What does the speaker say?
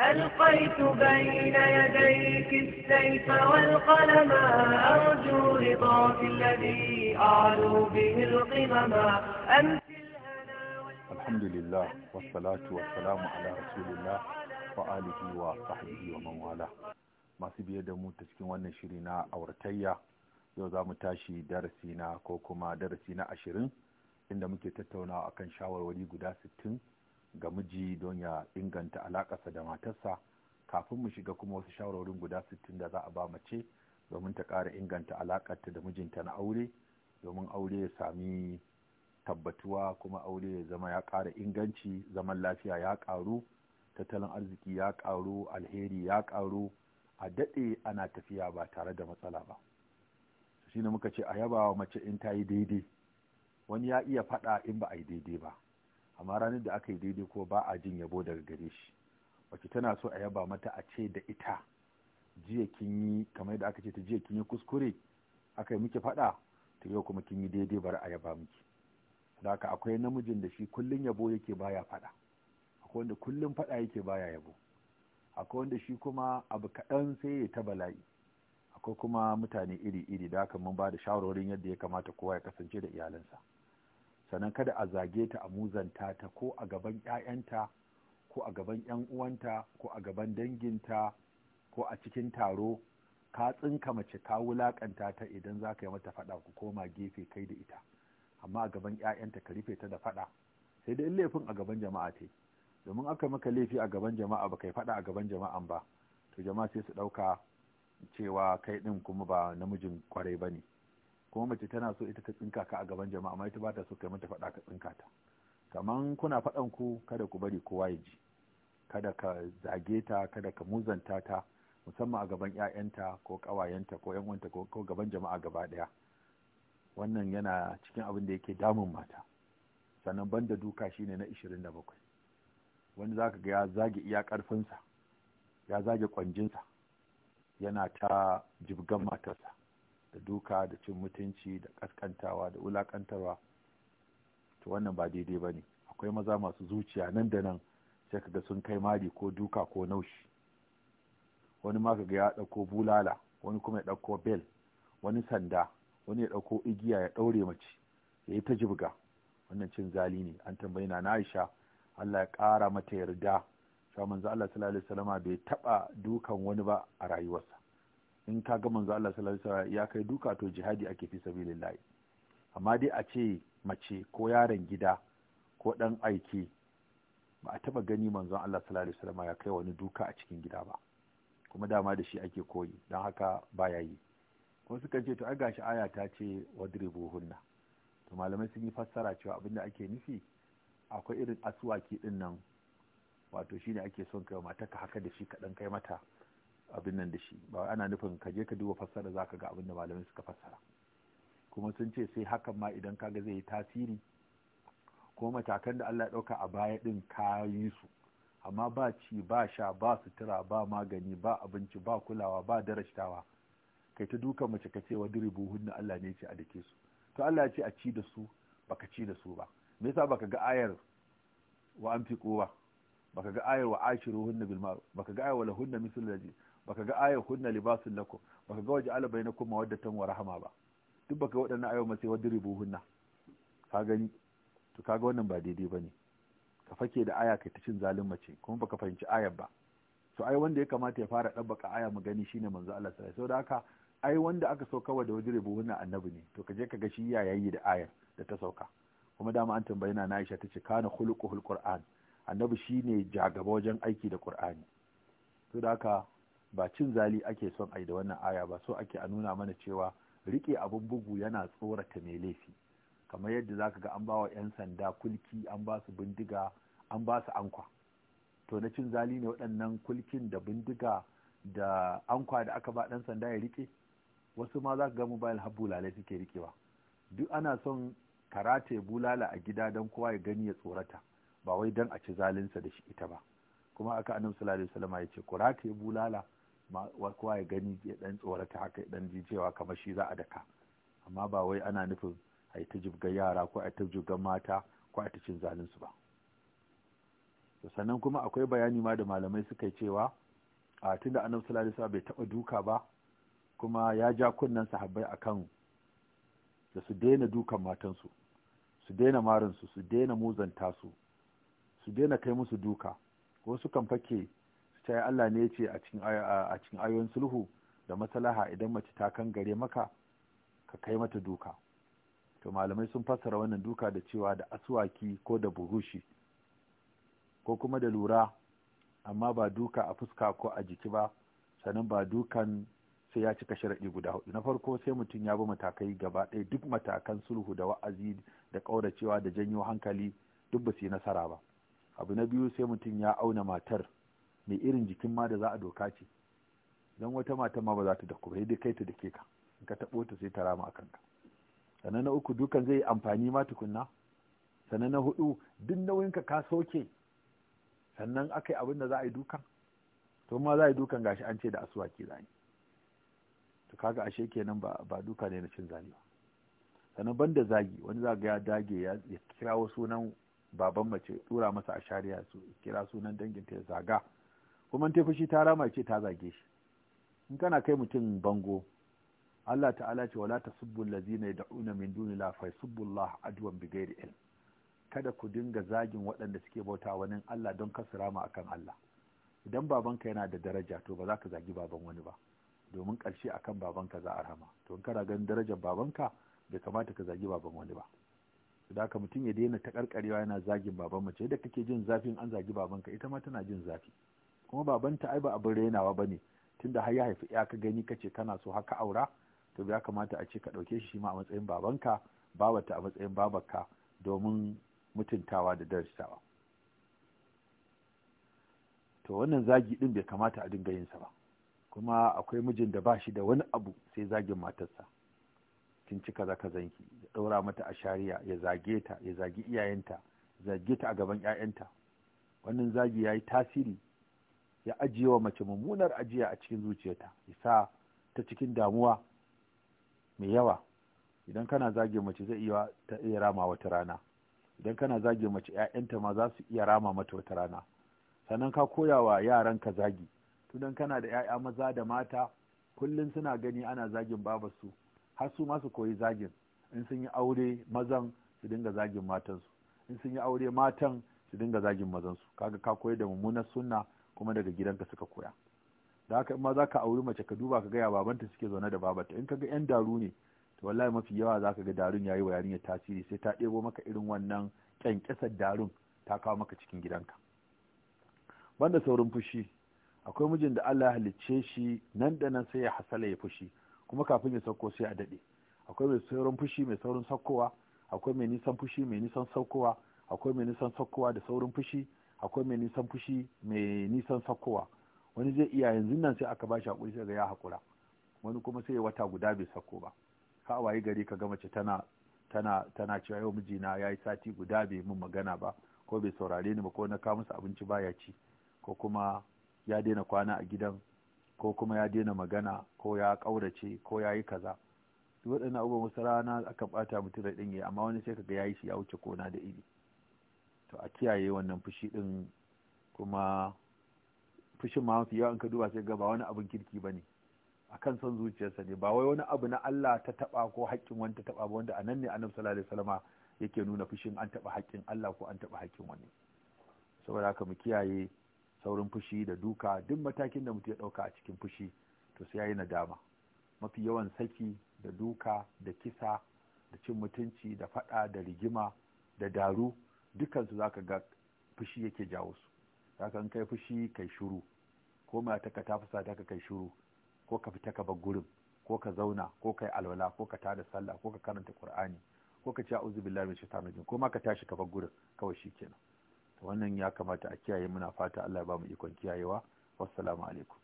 ألقيت بين يديك السيف والقلم أرجو رضاك الذي أعلو به القمم الحمد لله والصلاة والسلام على رسول الله وآله وصحبه ومن والاه ما سبي يدمو تسكين وانا أو رتيا يو زام درسينا كوكوما درسينا أشرين إن دمو تتتونا أكن شاور ولي قدا ga miji don ya inganta alakarsa da matarsa kafin mu shiga kuma wasu shawarorin guda sittin da za a ba mace domin ta ƙara inganta alakarta da mijinta na aure domin aure ya sami tabbatuwa kuma aure ya zama ya ƙara inganci zaman lafiya ya ƙaru tattalin arziki ya ƙaru alheri ya ƙaru a daɗe ana tafiya ba tare da matsala ba ne muka ce a yaba wa mace in ta yi daidai wani ya iya faɗa in ba a yi daidai ba amma ranar da aka yi daidai ko ba a jin yabo daga gare shi wacce tana so a yaba mata a ce da ita jiya kin yi kamar da aka ce ta jiya kin yi kuskure aka yi miki faɗa ta yau kuma kin yi daidai bari a yaba miki da haka akwai namijin da shi kullum yabo yake baya faɗa akwai wanda kullum faɗa yake baya yabo akwai wanda shi kuma abu kaɗan sai ya ta bala'i akwai kuma mutane iri-iri da haka mun ba da shawarwarin yadda ya kamata kowa ya kasance da iyalansa sannan kada a zage ta a muzanta ta ko a gaban 'ya'yanta ko a gaban 'yan uwanta ko a gaban danginta ko a cikin taro ka tsinka mace ka wulakanta ta idan za ka yi mata faɗa ku koma gefe kai da ita amma a gaban 'ya'yanta ka rufe ta da faɗa sai dai in laifin a gaban jama'a ce domin aka maka laifi a gaban jama'a ba kai faɗa a gaban jama'an ba to jama'a sai su ɗauka cewa kai ɗin kuma ba namijin kwarai ba ne kuma mace tana so ita ta tsinka ka a gaban jama'a amma ita ba ta so kai mata faɗa ka tsinka ta kaman kuna faɗan ku kada ku bari kowa ya ji kada ka zage ta kada ka muzanta ta musamman a gaban 'ya'yanta ko ƙawayenta ko ƴan uwanta ko gaban jama'a gaba ɗaya wannan yana cikin abin da yake damun mata sannan banda duka shine na 27 wani zaka ga ya zage iya ƙarfinsa ya zage kwanjinsa yana ta jibgan matarsa da duka da cin mutunci da kaskantawa da wulakantarwa to wannan ba daidai ba ne akwai maza masu zuciya nan da nan sai kaga sun kai mari ko duka ko naushi wani ma kaga ya ɗauko bulala wani kuma ya ɗauko bel wani sanda wani ya ɗauko igiya ya ɗaure mace ya yi ta jibga wannan cin zali ne an tambayi na Aisha Allah ya ƙara mata yarda cewa manzo Allah sallallahu alaihi wasallama bai taɓa dukan wani ba a rayuwarsa in ka ga manzo Allah sallallahu alaihi wasallam ya kai duka to jihadi ake fi sabilillah amma dai a ce mace ko yaron gida ko dan aiki ba a taba gani manzon Allah sallallahu alaihi wasallam ya kai wani duka a cikin gida ba kuma dama da shi ake koyi dan haka baya yi ko suka ce to ai gashi aya ta ce wadribuhunna to malamai sun yi fassara cewa abinda ake nufi akwai irin aswaki din nan wato shine ake son kai mata ka haka da shi ka dan kai mata abin nan da shi ba ana nufin ka je ka duba fassara za ka ga abin da malamai suka fassara kuma sun ce sai hakan ma idan ka ga zai yi tasiri ko matakan da Allah ya ɗauka a baya ɗin ka yi su amma ba ci ba sha ba sutura ba magani ba abinci ba kulawa ba darashtawa kai ta dukan mace ka ce wa diribu hunna Allah ne ce a dake su to Allah ya ce a ci da su baka ci da su ba me yasa baka ga ayar wa amfiqo ba baka ga ayar wa ashiruhunna bil ma'ruf baka ga ayar wa lahunna mithlu baka ga ayo hunna libasul lakum baka ga waje waja'ala bainakum mawaddatan wa rahama ba duk baka waɗannan ayo ma sai wadribu hunna ka gani to kaga wannan ba daidai bane ka fake da aya kai ta cin zalin mace kuma baka fahimci ayar ba To ai wanda ya kamata ya fara ɗabbaka aya mu gani shine manzo Allah sai saboda haka ai wanda aka sauka wa da wadribu hunna annabi ne to ka je ka ga shi yi da ayar da ta sauka kuma dama an tambaye na Aisha tace kana khuluquhul qur'an annabi shine jagaba wajen aiki da qur'ani to da haka ba cin zali ake son ai da wannan aya ba so ake a nuna mana cewa rike abin bugu yana tsorata mai laifi kamar yadda zaka ga an bawa yan sanda kulki an ba su bindiga an ba su ankwa to na cin zali ne waɗannan kulkin da bindiga da ankwa da aka ba ɗan sanda ya riƙe? wasu ma za ka ga mobile har bulale suke rikewa duk ana son karate bulala a gida don kowa ya gani ya tsorata ba wai don a ci zalinsa da shi ita ba kuma aka annabi sallallahu alaihi wasallam ya ce ku ya bulala kowa ya gani ya dan tsorata haka ya dan ji cewa kamar shi za a daka amma ba wai ana nufin a yi ta jibga yara ko a yi ta jibga mata ko a yi ta cin zalinsu ba sannan kuma akwai bayani ma da malamai suka yi cewa a tun da annabi sallallahu alaihi bai taba duka ba kuma ya ja kunnen sahabbai akan da su daina dukan matansu su daina marinsu su daina muzanta su su daina kai musu duka wasu kan fake Sai Allah ne ya ce a cikin ayoyin sulhu da maslaha idan mace ta kan gare maka ka kai mata duka to malamai sun fassara wannan duka da cewa da asuwaki ko da burushi ko kuma da lura amma ba duka a fuska ko a jiki ba sannan ba dukan sai ya cika sharaɗi guda hudu na farko sai mutum ya bi matakai gaba ɗaya duk matakan sulhu da wa'azi da ƙauracewa da janyo hankali duk ba su yi nasara ba abu na biyu sai mutum ya auna matar mai irin jikin ma da za a doka ce don wata mata ma ba za ta daku ba sai dai kai ta dake ka in ka taɓo ta sai ta rama akan ka sannan na uku dukan zai yi amfani ma tukunna sannan na hudu duk nauyin ka ka soke sannan aka abin da za a yi dukan to ma za a yi dukan gashi an ce da asuwa ke a to kaga ashe kenan ba ba duka ne na cin zane ba sannan banda zagi wani za ga ya dage ya kira wasu sunan baban mace dura masa a shari'a su kira sunan danginta ya zaga kuma ta fushi ta rama ce ta zage shi in kana kai mutum bango Allah ta'ala ce wala tasubbu allazina yad'una min duni la fa yasubbullaha adwan bighairi ilm kada ku dinga zagin waɗanda suke bauta wani Allah don kasu rama akan Allah idan babanka yana da daraja to ba za ka zagi baban wani ba domin ƙarshe akan babanka za a rama to in kana ganin darajar babanka bai kamata ka zagi baban wani ba da haka mutum ya daina ta karkarewa yana zagin baban mace yadda kake jin zafin an zagi babanka ita ma tana jin zafi kuma babanta ai ba abin rainawa ba ne tunda har ya haifi ya ka gani ka ce kana so haka aura to ya kamata a ce ka ɗauke shi ma a matsayin babanka babata a matsayin babarka domin mutuntawa da darasawa to wannan zagi din bai kamata a dinga yin sa ba kuma akwai mijin da ba shi da wani abu sai zagin matarsa kin ci kaza zanki ya ɗaura mata a shari'a ya zage ta ya zagi iyayenta zage ta a gaban 'ya'yanta wannan zagi ya yi tasiri ya ajiye wa mace mummunar ajiya a cikin zuciyarta isa ta cikin damuwa mai yawa idan kana zage mace zai iya ta iya rama wata rana idan kana zage mace ƴaƴanta ma za su iya rama mata wata rana sannan ka koya wa yaran ka zagi tunan kana da ƴaƴa maza da mata kullum suna gani ana zagin babarsu har su ma su koyi zagin in sun yi aure mazan su dinga zagin matansu in sun yi aure matan su dinga zagin mazansu kaga ka koyi da mummunar sunna kuma daga gidanka suka koya da haka ma za ka auri mace ka duba ka gaya babanta suke zaune da babanta in ka ga yan daru ne to wallahi mafi yawa za ka ga darun yayi wa yarinya tasiri sai ta ɗebo maka irin wannan kyankyasar darun ta kawo maka cikin gidanka banda saurin fushi akwai mijin da Allah ya halicce shi nan da nan sai ya hasala ya fushi kuma kafin ya sauko sai a daɗe akwai mai saurin fushi mai saurin saukowa akwai mai nisan fushi mai nisan saukowa akwai mai nisan saukowa da saurin fushi akwai mai nisan fushi mai nisan sakkowa wani zai iya yanzu nan sai aka bashi hakuri sai ga ya hakura wani kuma sai wata guda bai sako ba ka wayi gari ka ga mace tana tana tana cewa yau mijina ya yi sati guda bai min magana ba ko bai saurare ni ba ko na kawo masa abinci baya ci ko kuma ya daina kwana a gidan ko kuma ya daina magana ko ya kaurace ko ya yi kaza waɗannan abubuwan wasu rana aka bata mutum da ɗanye amma wani sai kaga ya yi shi ya wuce kona da iri to a kiyaye wannan fushi din kuma fushin ma mafi yawan ka duba sai ga ba wani abin kirki ba ne a kan son zuciyarsa ne ba wai wani abu na Allah ta taba ko haƙƙin wani ta taba ba wanda anan ne annabi sallallahu alaihi wasallama yake nuna fushin an taba haƙƙin Allah ko an taba haƙƙin wani saboda haka mu kiyaye saurin fushi da duka duk matakin da mutum ya ɗauka a cikin fushi to sai yayi nadama mafi yawan saki da duka da kisa da cin mutunci da faɗa da rigima da daru dukansu za ka ga fushi yake jawo su za kai fushi kai shiru ko mata ka ta fusa ta kai shiru ko ka fita ka bar gurin ko ka zauna ko kai alwala ko ka tada sallah ko ka karanta qur'ani ko ka ci auzu billahi min shaitanir rajim ko ma ka tashi ka bar gurin kawai shikenan to wannan ya kamata a kiyaye muna fata Allah ya ba mu ikon kiyayewa wassalamu alaikum